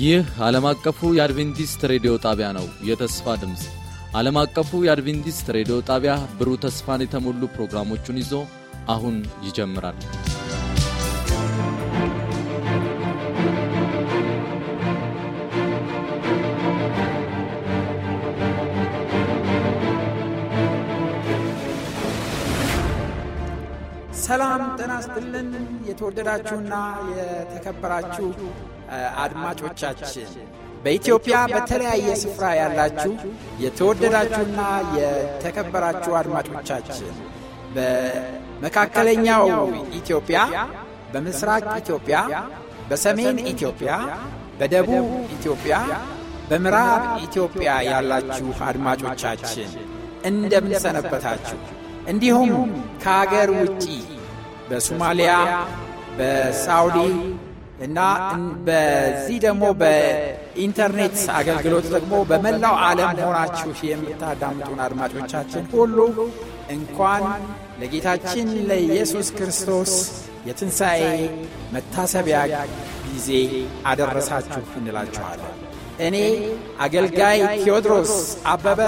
ይህ ዓለም አቀፉ የአድቬንቲስት ሬዲዮ ጣቢያ ነው። የተስፋ ድምፅ ዓለም አቀፉ የአድቬንቲስት ሬዲዮ ጣቢያ ብሩህ ተስፋን የተሞሉ ፕሮግራሞቹን ይዞ አሁን ይጀምራል። ሰላም ጤና ይስጥልን። የተወደዳችሁና የተከበራችሁ አድማጮቻችን በኢትዮጵያ በተለያየ ስፍራ ያላችሁ የተወደዳችሁና የተከበራችሁ አድማጮቻችን በመካከለኛው ኢትዮጵያ፣ በምስራቅ ኢትዮጵያ፣ በሰሜን ኢትዮጵያ፣ በደቡብ ኢትዮጵያ፣ በምዕራብ ኢትዮጵያ ያላችሁ አድማጮቻችን እንደምንሰነበታችሁ፣ እንዲሁም ከአገር ውጪ በሶማሊያ፣ በሳውዲ እና በዚህ ደግሞ በኢንተርኔት አገልግሎት ደግሞ በመላው ዓለም ሆናችሁ የምታዳምጡን አድማጮቻችን ሁሉ እንኳን ለጌታችን ለኢየሱስ ክርስቶስ የትንሣኤ መታሰቢያ ጊዜ አደረሳችሁ እንላችኋለን። እኔ አገልጋይ ቴዎድሮስ አበበ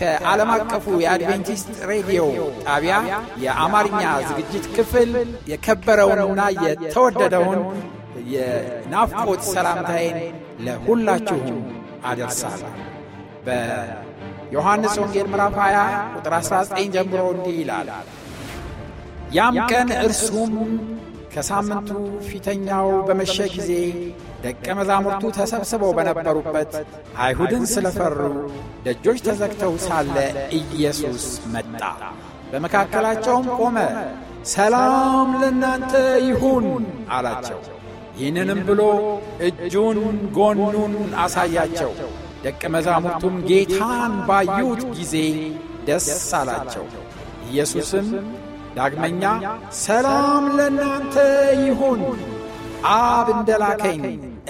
ከዓለም አቀፉ የአድቬንቲስት ሬዲዮ ጣቢያ የአማርኛ ዝግጅት ክፍል የከበረውንና የተወደደውን የናፍቆት ሰላምታዬን ለሁላችሁም አደርሳለ በዮሐንስ ወንጌል ምዕራፍ 20 ቁጥር 19 ጀምሮ እንዲህ ይላል። ያም ቀን እርሱም ከሳምንቱ ፊተኛው በመሸ ጊዜ ደቀ መዛሙርቱ ተሰብስበው በነበሩበት አይሁድን ስለፈሩ ደጆች ተዘግተው ሳለ ኢየሱስ መጣ፣ በመካከላቸውም ቆመ። ሰላም ለእናንተ ይሁን አላቸው። ይህንንም ብሎ እጁን ጎኑን አሳያቸው። ደቀ መዛሙርቱም ጌታን ባዩት ጊዜ ደስ አላቸው። ኢየሱስም ዳግመኛ ሰላም ለእናንተ ይሁን፣ አብ እንደላከኝ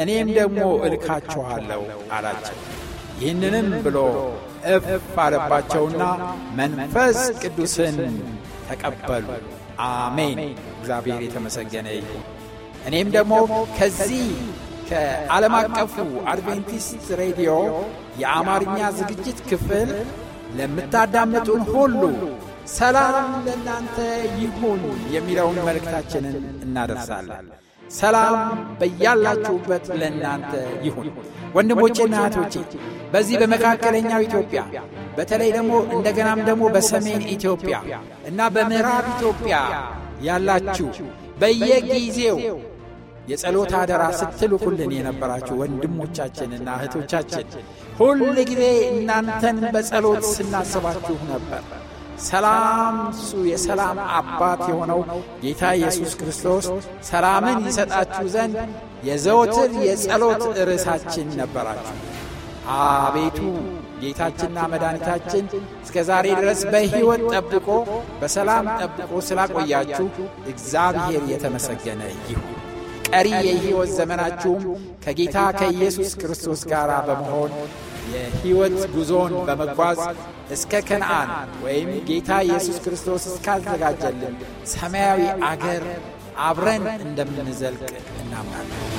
እኔም ደግሞ እልካችኋለሁ አላቸው። ይህንንም ብሎ እፍ አለባቸውና መንፈስ ቅዱስን ተቀበሉ። አሜን። እግዚአብሔር የተመሰገነ ይሁን። እኔም ደግሞ ከዚህ ከዓለም አቀፉ አድቬንቲስት ሬዲዮ የአማርኛ ዝግጅት ክፍል ለምታዳምጡን ሁሉ ሰላም ለእናንተ ይሁን የሚለውን መልእክታችንን እናደርሳለን። ሰላም በያላችሁበት ለእናንተ ይሁን። ወንድሞቼና እህቶቼ በዚህ በመካከለኛው ኢትዮጵያ በተለይ ደግሞ እንደገናም ደግሞ በሰሜን ኢትዮጵያ እና በምዕራብ ኢትዮጵያ ያላችሁ በየጊዜው የጸሎት አደራ ስትልኩልን የነበራችሁ ወንድሞቻችንና እህቶቻችን ሁል ጊዜ እናንተን በጸሎት ስናስባችሁ ነበር። ሰላም እሱ የሰላም አባት የሆነው ጌታ ኢየሱስ ክርስቶስ ሰላምን ይሰጣችሁ ዘንድ የዘወትር የጸሎት ርዕሳችን ነበራችሁ። አቤቱ ጌታችንና መድኃኒታችን እስከ ዛሬ ድረስ በሕይወት ጠብቆ በሰላም ጠብቆ ስላቆያችሁ እግዚአብሔር የተመሰገነ ይሁን። ቀሪ የሕይወት ዘመናችሁም ከጌታ ከኢየሱስ ክርስቶስ ጋር በመሆን የሕይወት ጉዞን በመጓዝ እስከ ከነአን ወይም ጌታ ኢየሱስ ክርስቶስ እስካዘጋጀልን ሰማያዊ አገር አብረን እንደምንዘልቅ እናምናለን።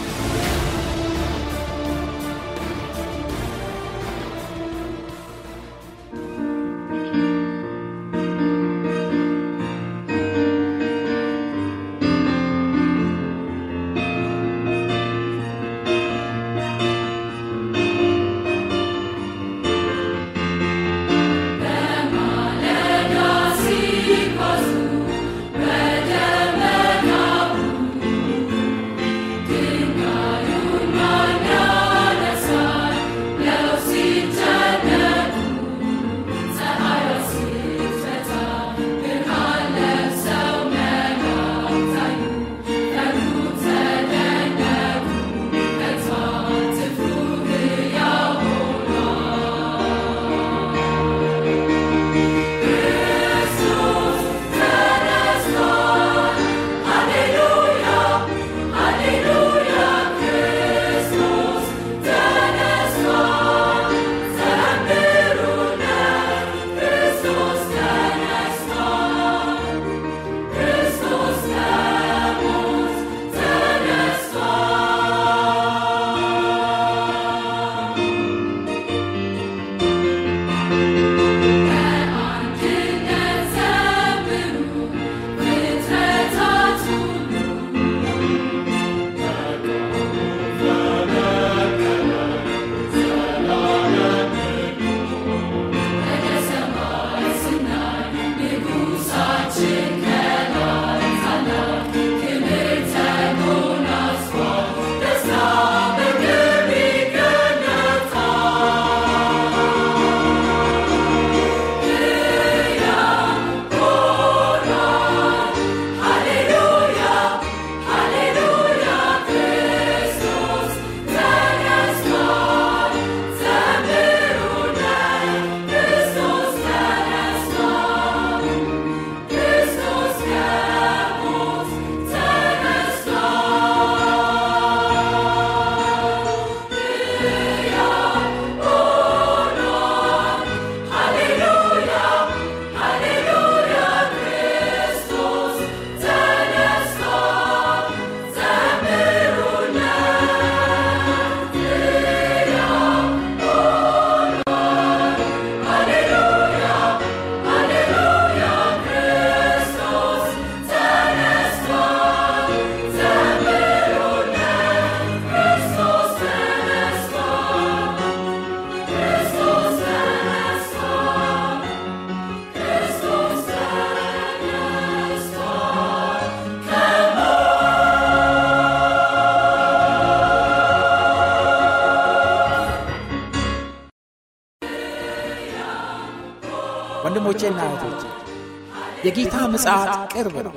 ምጽአት ቅርብ ነው።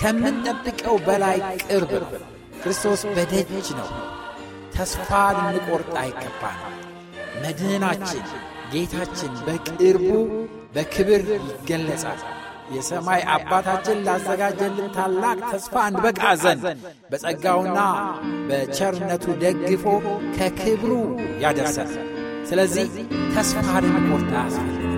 ከምንጠብቀው በላይ ቅርብ ነው። ክርስቶስ በደጅ ነው። ተስፋ ልንቆርጥ አይገባል። መድህናችን ጌታችን በቅርቡ በክብር ይገለጻል። የሰማይ አባታችን ላዘጋጀልን ታላቅ ተስፋ እንበቃ ዘንድ በጸጋውና በቸርነቱ ደግፎ ከክብሩ ያደርሰል። ስለዚህ ተስፋ ልንቆርጥ አያስፈልግም።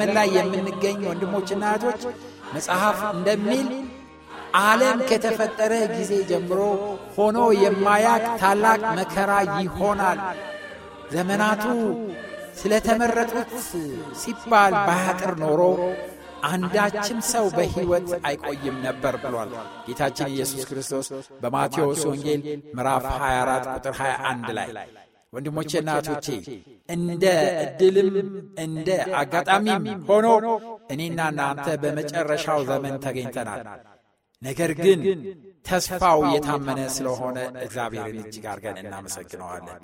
ዘመን ላይ የምንገኝ ወንድሞችና እህቶች መጽሐፍ እንደሚል ዓለም ከተፈጠረ ጊዜ ጀምሮ ሆኖ የማያቅ ታላቅ መከራ ይሆናል። ዘመናቱ ስለተመረጡት ሲባል ባያጥር ኖሮ አንዳችም ሰው በሕይወት አይቆይም ነበር ብሏል ጌታችን ኢየሱስ ክርስቶስ በማቴዎስ ወንጌል ምዕራፍ 24 ቁጥር 21 ላይ ወንድሞቼና እህቶቼ እንደ እድልም እንደ አጋጣሚም ሆኖ እኔና እናንተ በመጨረሻው ዘመን ተገኝተናል። ነገር ግን ተስፋው የታመነ ስለሆነ እግዚአብሔርን እጅግ አርገን እናመሰግነዋለን።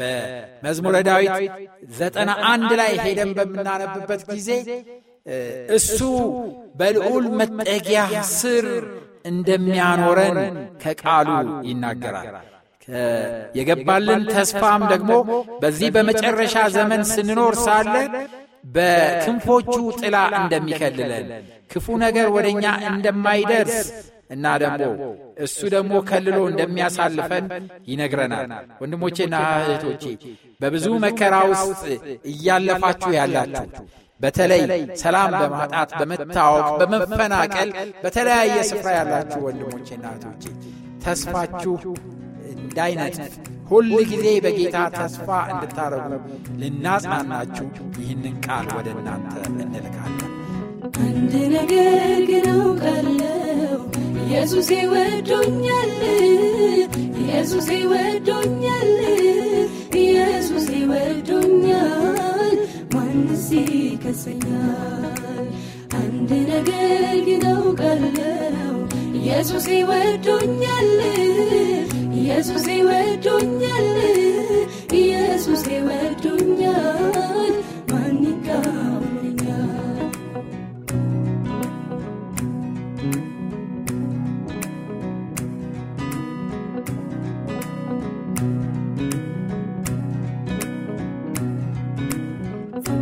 በመዝሙረ ዳዊት ዘጠና አንድ ላይ ሄደን በምናነብበት ጊዜ እሱ በልዑል መጠጊያ ስር እንደሚያኖረን ከቃሉ ይናገራል። የገባልን ተስፋም ደግሞ በዚህ በመጨረሻ ዘመን ስንኖር ሳለ በክንፎቹ ጥላ እንደሚከልለን ክፉ ነገር ወደ እኛ እንደማይደርስ እና ደግሞ እሱ ደግሞ ከልሎ እንደሚያሳልፈን ይነግረናል። ወንድሞቼና እህቶቼ በብዙ መከራ ውስጥ እያለፋችሁ ያላችሁ በተለይ ሰላም በማጣት በመታወቅ፣ በመፈናቀል በተለያየ ስፍራ ያላችሁ ወንድሞቼና እህቶቼ ተስፋችሁ እንዳይነት ሁል ጊዜ በጌታ ተስፋ እንድታረጉ ልናጽናናችሁ ይህንን ቃል ወደ እናንተ እንልካለን። አንድ ነገር ግነው ቀለው ኢየሱስ ወዶኛል፣ ኢየሱስ ወዶኛል፣ ኢየሱስ ወዶኛል፣ ማንስ ይከሰኛል? አንድ ነገር ግነው ቀለው ኢየሱስ ወዶኛል Yesusi wetu nyele Yesusi wetu nyele Manika mwenya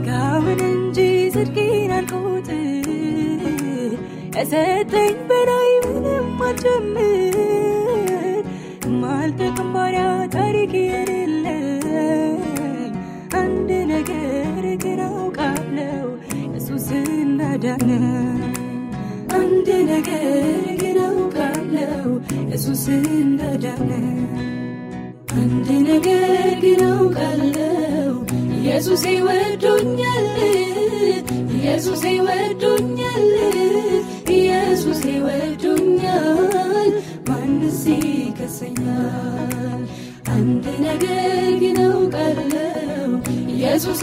Kavan enji zirkin alkote Ese ten bera imene machemene አምነው አንድ ነገር ግን አውቃለው ኢየሱስ እንዳዳነ አንድ ነገር ግን አውቃለው ኢየሱስ ይወዶኛል ኢየሱስ ይወዶኛል ኢየሱስ ይወዶኛል ማንስ ይከሰኛል አንድ ነገር ግን አውቃለው ኢየሱስ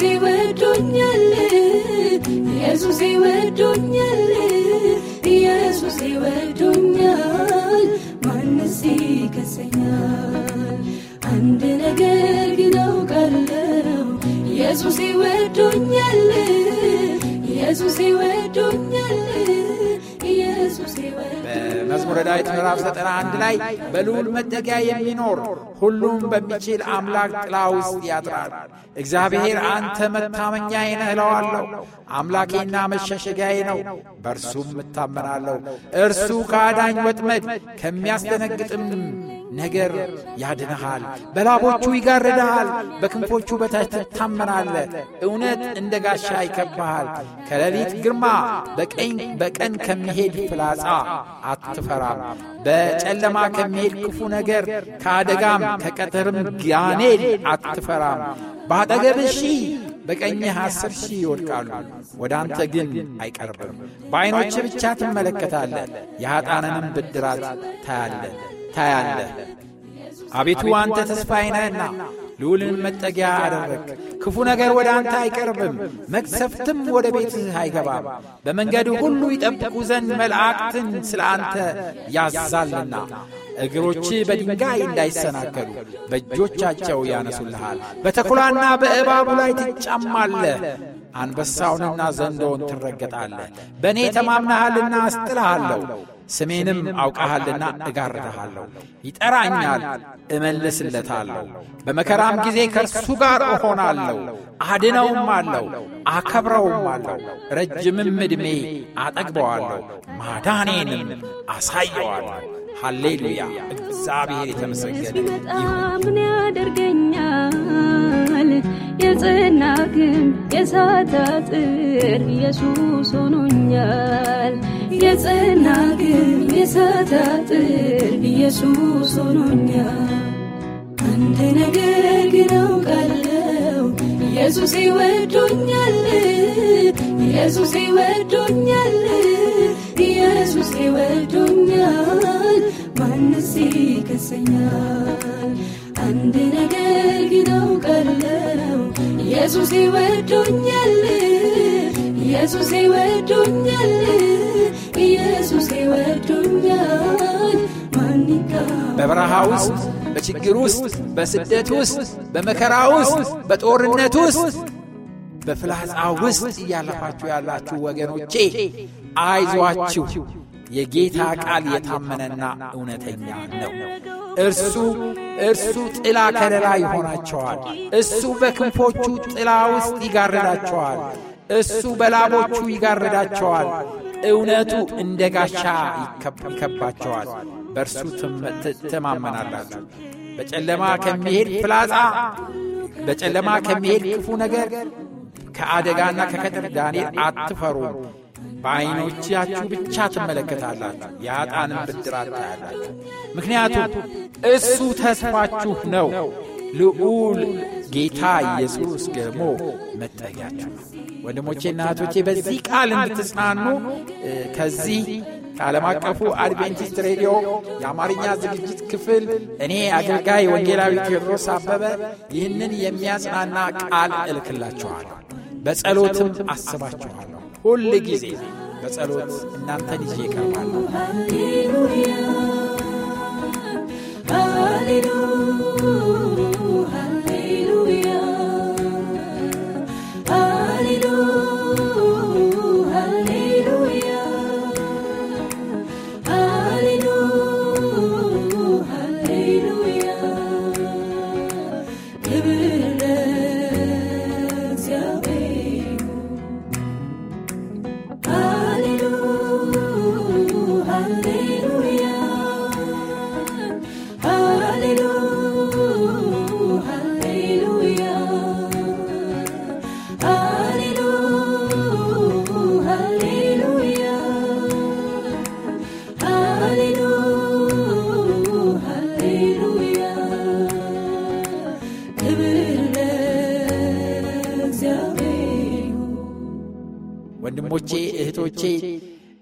ኢየሱስ ይወዶኛል ኢየሱስ ይወዶኛል መዝሙረ ዳዊት ምዕራፍ 91 ላይ በልዑል መጠጊያ የሚኖር ሁሉም በሚችል አምላክ ጥላ ውስጥ ያጥራል። እግዚአብሔር አንተ መታመኛ ነህ እለዋለሁ። አምላኬና መሸሸጊያዬ ነው፣ በእርሱም እታመናለሁ። እርሱ ከአዳኝ ወጥመድ ከሚያስደነግጥም ነገር ያድንሃል፣ በላቦቹ ይጋርድሃል፣ በክንፎቹ በታች ትታመናለ። እውነት እንደ ጋሻ ይከብሃል። ከሌሊት ግርማ በቀን ከሚሄድ ፍላጻ አትፈራም። በጨለማ ከሚሄድ ክፉ ነገር ከአደጋም ከቀትርም ጋኔል አትፈራም። በአጠገብ ሺህ በቀኝህ አስር ሺህ ይወድቃሉ፣ ወደ አንተ ግን አይቀርብም። በዐይኖች ብቻ ትመለከታለህ፣ የኀጣንንም ብድራት ታያለህ። ታያለህ። አቤቱ አንተ ተስፋዬ ነህና ልዑልን መጠጊያ አደረግ። ክፉ ነገር ወደ አንተ አይቀርብም፣ መቅሰፍትም ወደ ቤትህ አይገባም። በመንገዱ ሁሉ ይጠብቁ ዘንድ መላእክትን ስለ አንተ ያዛልና እግሮች በድንጋይ እንዳይሰናከሉ በእጆቻቸው ያነሱልሃል። በተኩላና በእባቡ ላይ ትጫማለህ፣ አንበሳውንና ዘንዶውን ትረገጣለህ። በእኔ ተማምናሃልና አስጥልሃለሁ ስሜንም አውቀሃልና እጋርድሃለሁ። ይጠራኛል፣ እመልስለታለሁ። በመከራም ጊዜ ከእርሱ ጋር እሆናለሁ፣ አድነውም አለው፣ አከብረውም አለው። ረጅምም ዕድሜ አጠግበዋለሁ፣ ማዳኔንም አሳየዋለሁ። ሃሌሉያ! እግዚአብሔር የተመሰገነ ያደርገኛል የጽና ግንብ የሳታ አጥር ኢየሱስ ሆኖኛል። የጽና ግንብ የሳታ አጥር ኢየሱስ ሆኖኛል። አንድ ነገር ግን አውቃለሁ ኢየሱስ ይወዶኛል። ኢየሱስ ይወዶኛል። ኢየሱስ ይወዶኛል። ማንስ ይከሰኛል? አንድ ነገር ግነው ኢየሱስ ይወዶኛል ኢየሱስ ይወዶኛል ኢየሱስ ይወዶኛል በበረሃ ውስጥ በችግር ውስጥ በስደት ውስጥ በመከራ ውስጥ በጦርነት ውስጥ በፍላጻ ውስጥ እያለፋችሁ ያላችሁ ወገኖቼ አይዟችሁ የጌታ ቃል የታመነና እውነተኛ ነው። እርሱ እርሱ ጥላ ከለላ ይሆናቸዋል። እሱ በክንፎቹ ጥላ ውስጥ ይጋርዳቸዋል። እሱ በላቦቹ ይጋርዳቸዋል። እውነቱ እንደ ጋሻ ይከባቸዋል። በእርሱ ትተማመናላችሁ። በጨለማ ከሚሄድ ፍላጻ በጨለማ ከሚሄድ ክፉ ነገር ከአደጋና ከቀትር ዳንኤል አትፈሩም። በዐይኖቻችሁ ብቻ ትመለከታላችሁ፣ የአጣንም ብድራት ታያላችሁ። ምክንያቱም እሱ ተስፋችሁ ነው። ልዑል ጌታ ኢየሱስ ደግሞ መጠጊያችሁ ነው። ወንድሞቼና እህቶቼ በዚህ ቃል እንድትጽናኑ ከዚህ ከዓለም አቀፉ አድቬንቲስት ሬዲዮ የአማርኛ ዝግጅት ክፍል እኔ አገልጋይ ወንጌላዊ ቴዎድሮስ አበበ ይህንን የሚያጽናና ቃል እልክላችኋለሁ። በጸሎትም አስባችኋለሁ። ሁል ጊዜ በጸሎት እናንተን ይዤ እቀርባለሁ። ሃሌሉያ ሃሌሉያ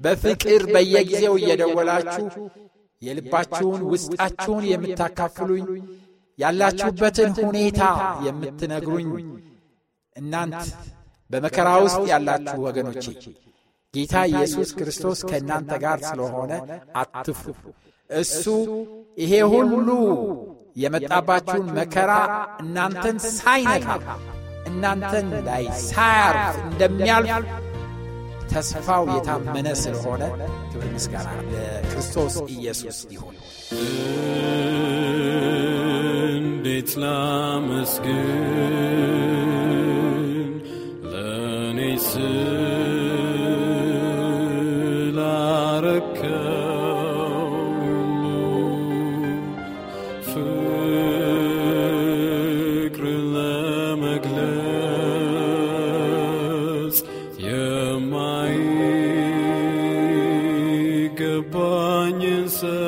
በፍቅር በየጊዜው እየደወላችሁ የልባችሁን ውስጣችሁን የምታካፍሉኝ ያላችሁበትን ሁኔታ የምትነግሩኝ እናንት በመከራ ውስጥ ያላችሁ ወገኖቼ ጌታ ኢየሱስ ክርስቶስ ከእናንተ ጋር ስለሆነ አትፍሩ። እሱ ይሄ ሁሉ የመጣባችሁን መከራ እናንተን ሳይነካ እናንተን ላይ ሳያርፍ እንደሚያልፍ ተስፋው የታመነ ስለሆነ ክብር ምስጋና ለክርስቶስ ኢየሱስ ይሁን። እንዴት ላመስግን ለእኔ sen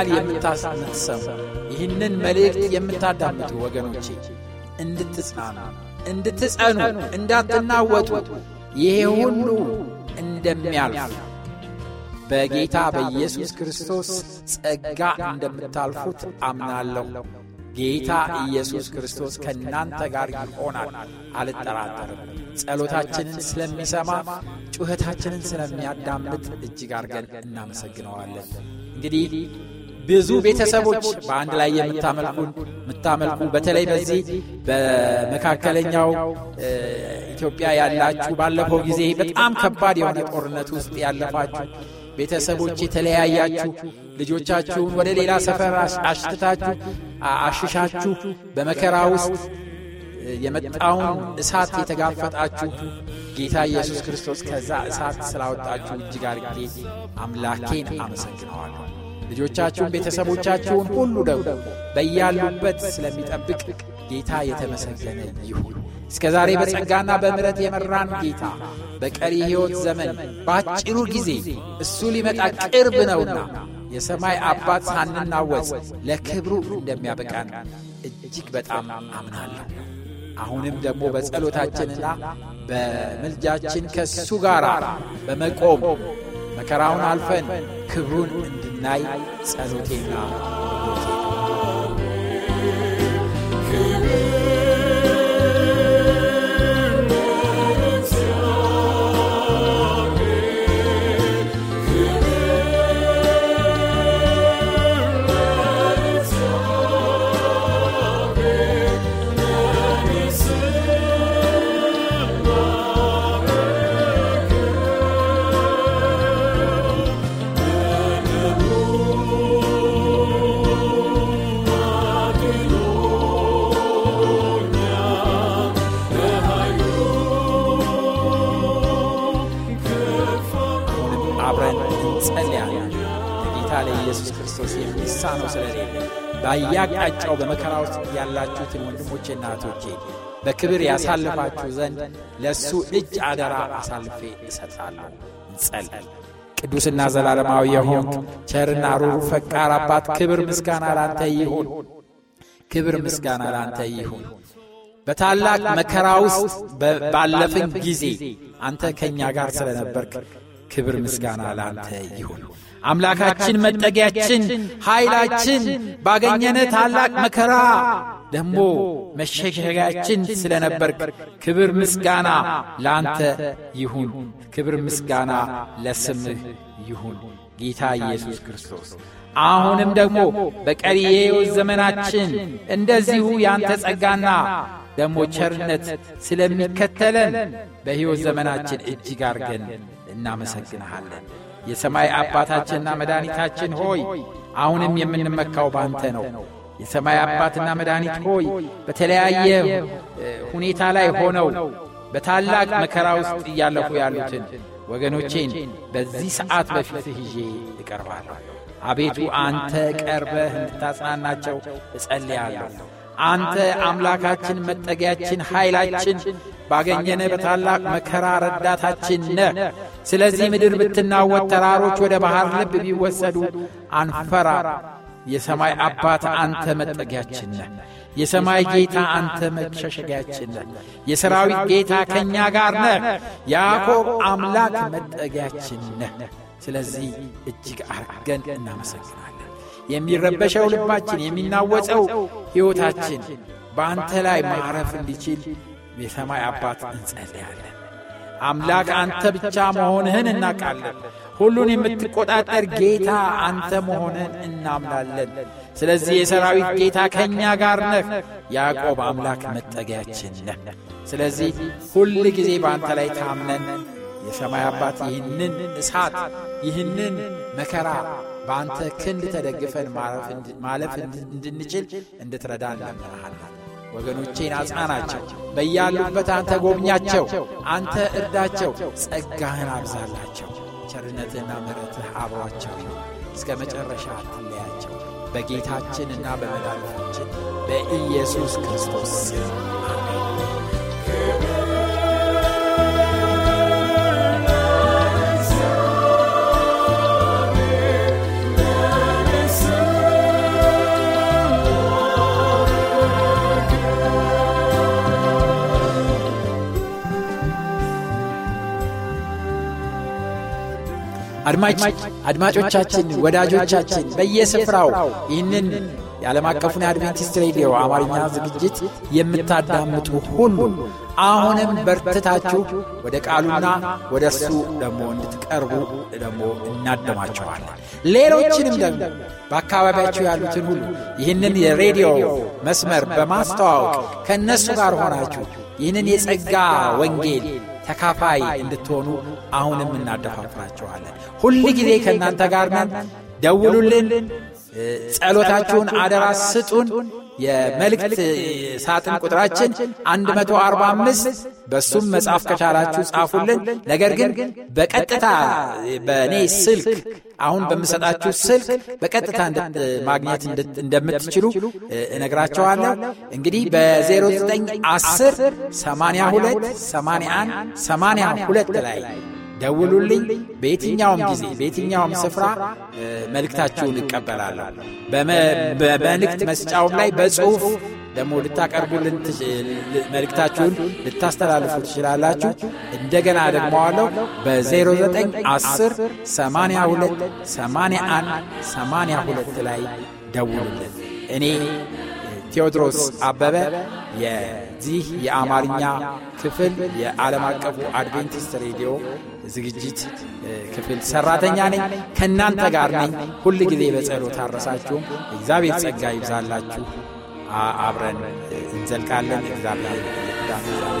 ቃል የምትሰሙ ይህንን መልእክት የምታዳምጡ ወገኖቼ እንድትጽናኑ እንድትጸኑ እንዳትናወጡ ይሄ ሁሉ እንደሚያልፍ በጌታ በኢየሱስ ክርስቶስ ጸጋ እንደምታልፉት አምናለሁ። ጌታ ኢየሱስ ክርስቶስ ከእናንተ ጋር ይሆናል፣ አልጠራጠርም። ጸሎታችንን ስለሚሰማ ጩኸታችንን ስለሚያዳምጥ እጅግ አድርገን እናመሰግነዋለን። እንግዲህ ብዙ ቤተሰቦች በአንድ ላይ የምታመልኩን የምታመልኩ በተለይ በዚህ በመካከለኛው ኢትዮጵያ ያላችሁ ባለፈው ጊዜ በጣም ከባድ የሆነ ጦርነት ውስጥ ያለፋችሁ ቤተሰቦች የተለያያችሁ ልጆቻችሁን ወደ ሌላ ሰፈር አሽትታችሁ አሽሻችሁ በመከራ ውስጥ የመጣውን እሳት የተጋፈጣችሁ ጌታ ኢየሱስ ክርስቶስ ከዛ እሳት ስላወጣችሁ እጅግ አምላኬን አመሰግነዋለሁ። ልጆቻችሁን ቤተሰቦቻችሁን ሁሉ ደግሞ በያሉበት ስለሚጠብቅ ጌታ የተመሰገነ ይሁን። እስከ ዛሬ በጸጋና በምረት የመራን ጌታ በቀሪ ሕይወት ዘመን በአጭሩ ጊዜ እሱ ሊመጣ ቅርብ ነውና የሰማይ አባት ሳንናወጽ ለክብሩ እንደሚያበቃን እጅግ በጣም አምናለሁ። አሁንም ደግሞ በጸሎታችንና በምልጃችን ከእሱ ጋር በመቆም መከራውን አልፈን ክብሩን night salutation. በየአቅጣጫው በመከራ ውስጥ ያላችሁትን ወንድሞቼና እህቶቼ በክብር ያሳልፋችሁ ዘንድ ለእሱ እጅ አደራ አሳልፌ እሰጣለሁ። እንጸልይ። ቅዱስና ዘላለማዊ የሆንክ ቸርና ሩሩ ፈቃር አባት ክብር ምስጋና ላንተ ይሁን። ክብር ምስጋና ላንተ ይሁን። በታላቅ መከራ ውስጥ ባለፍን ጊዜ አንተ ከእኛ ጋር ስለነበርክ ክብር ምስጋና ላንተ ይሁን። አምላካችን መጠጊያችን ኃይላችን ባገኘነ ታላቅ መከራ ደግሞ መሸሸጋያችን ስለ ነበርክ ክብር ምስጋና ለአንተ ይሁን። ክብር ምስጋና ለስምህ ይሁን ጌታ ኢየሱስ ክርስቶስ። አሁንም ደግሞ በቀሪ የሕይወት ዘመናችን እንደዚሁ ያንተ ጸጋና ደግሞ ቸርነት ስለሚከተለን በሕይወት ዘመናችን እጅግ አርገን እናመሰግንሃለን። የሰማይ አባታችንና መድኃኒታችን ሆይ አሁንም የምንመካው ባንተ ነው። የሰማይ አባትና መድኃኒት ሆይ በተለያየ ሁኔታ ላይ ሆነው በታላቅ መከራ ውስጥ እያለፉ ያሉትን ወገኖቼን በዚህ ሰዓት በፊት ይዤ እቀርባለሁ። አቤቱ አንተ ቀርበህ እንድታጽናናቸው እጸልያለሁ። አንተ አምላካችን፣ መጠጊያችን፣ ኃይላችን፣ ባገኘነ በታላቅ መከራ ረዳታችን ነህ። ስለዚህ ምድር ብትናወጥ ተራሮች ወደ ባሕር ልብ ቢወሰዱ አንፈራ የሰማይ አባት አንተ መጠጊያችን ነህ የሰማይ ጌታ አንተ መሸሸጊያችን ነህ የሰራዊት ጌታ ከእኛ ጋር ነህ ያዕቆብ አምላክ መጠጊያችን ነህ ስለዚህ እጅግ አርገን እናመሰግናለን የሚረበሸው ልባችን የሚናወጸው ሕይወታችን በአንተ ላይ ማዕረፍ እንዲችል የሰማይ አባት እንጸልያለን አምላክ አንተ ብቻ መሆንህን እናቃለን ሁሉን የምትቆጣጠር ጌታ አንተ መሆንህን እናምናለን። ስለዚህ የሰራዊት ጌታ ከእኛ ጋር ነህ፣ ያዕቆብ አምላክ መጠጊያችን ነህ። ስለዚህ ሁል ጊዜ በአንተ ላይ ታምነን የሰማይ አባት ይህንን እሳት ይህንን መከራ በአንተ ክንድ ተደግፈን ማለፍ እንድንችል እንድትረዳን ለምንሃለን። ወገኖቼን አጽናናቸው። በያሉበት አንተ ጎብኛቸው፣ አንተ እርዳቸው፣ ጸጋህን አብዛላቸው። ቸርነትህና ምሕረትህ አብሯቸው እስከ መጨረሻ አትለያቸው። በጌታችንና በመድኃኒታችን በኢየሱስ ክርስቶስ አድማጮቻችን፣ ወዳጆቻችን በየስፍራው ይህንን የዓለም አቀፉን የአድቬንቲስት ሬዲዮ አማርኛ ዝግጅት የምታዳምጡ ሁሉ አሁንም በርትታችሁ ወደ ቃሉና ወደ እሱ ደግሞ እንድትቀርቡ ደግሞ እናደማችኋለን። ሌሎችንም ደግሞ በአካባቢያቸው ያሉትን ሁሉ ይህንን የሬዲዮ መስመር በማስተዋወቅ ከእነሱ ጋር ሆናችሁ ይህንን የጸጋ ወንጌል ተካፋይ እንድትሆኑ አሁንም እናደፋፍራችኋለን። ሁል ጊዜ ከእናንተ ጋር ነን። ደውሉልን። ጸሎታችሁን አደራ ስጡን የመልእክት ሳጥን ቁጥራችን 145 በሱም መጽሐፍ ከቻላችሁ ጻፉልን ነገር ግን በቀጥታ በእኔ ስልክ አሁን በምሰጣችሁ ስልክ በቀጥታ ማግኘት እንደምትችሉ እነግራቸዋለሁ እንግዲህ በ0910 82 81 82 ላይ ደውሉልኝ። በየትኛውም ጊዜ በየትኛውም ስፍራ መልእክታችሁን እቀበላለሁ። በመልእክት መስጫውም ላይ በጽሁፍ ደግሞ ልታቀርቡልን መልእክታችሁን ልታስተላልፉ ትችላላችሁ። እንደገና ደግመዋለሁ በ0910 82 81 82 ላይ ደውሉልን። እኔ ቴዎድሮስ አበበ የዚህ የአማርኛ ክፍል የዓለም አቀፉ አድቬንቲስት ሬዲዮ ዝግጅት ክፍል ሰራተኛ ነኝ። ከእናንተ ጋር ነኝ። ሁል ጊዜ በጸሎት አረሳችሁም። እግዚአብሔር ጸጋ ይብዛላችሁ። አብረን እንዘልቃለን። እግዚአብሔር ይርዳ።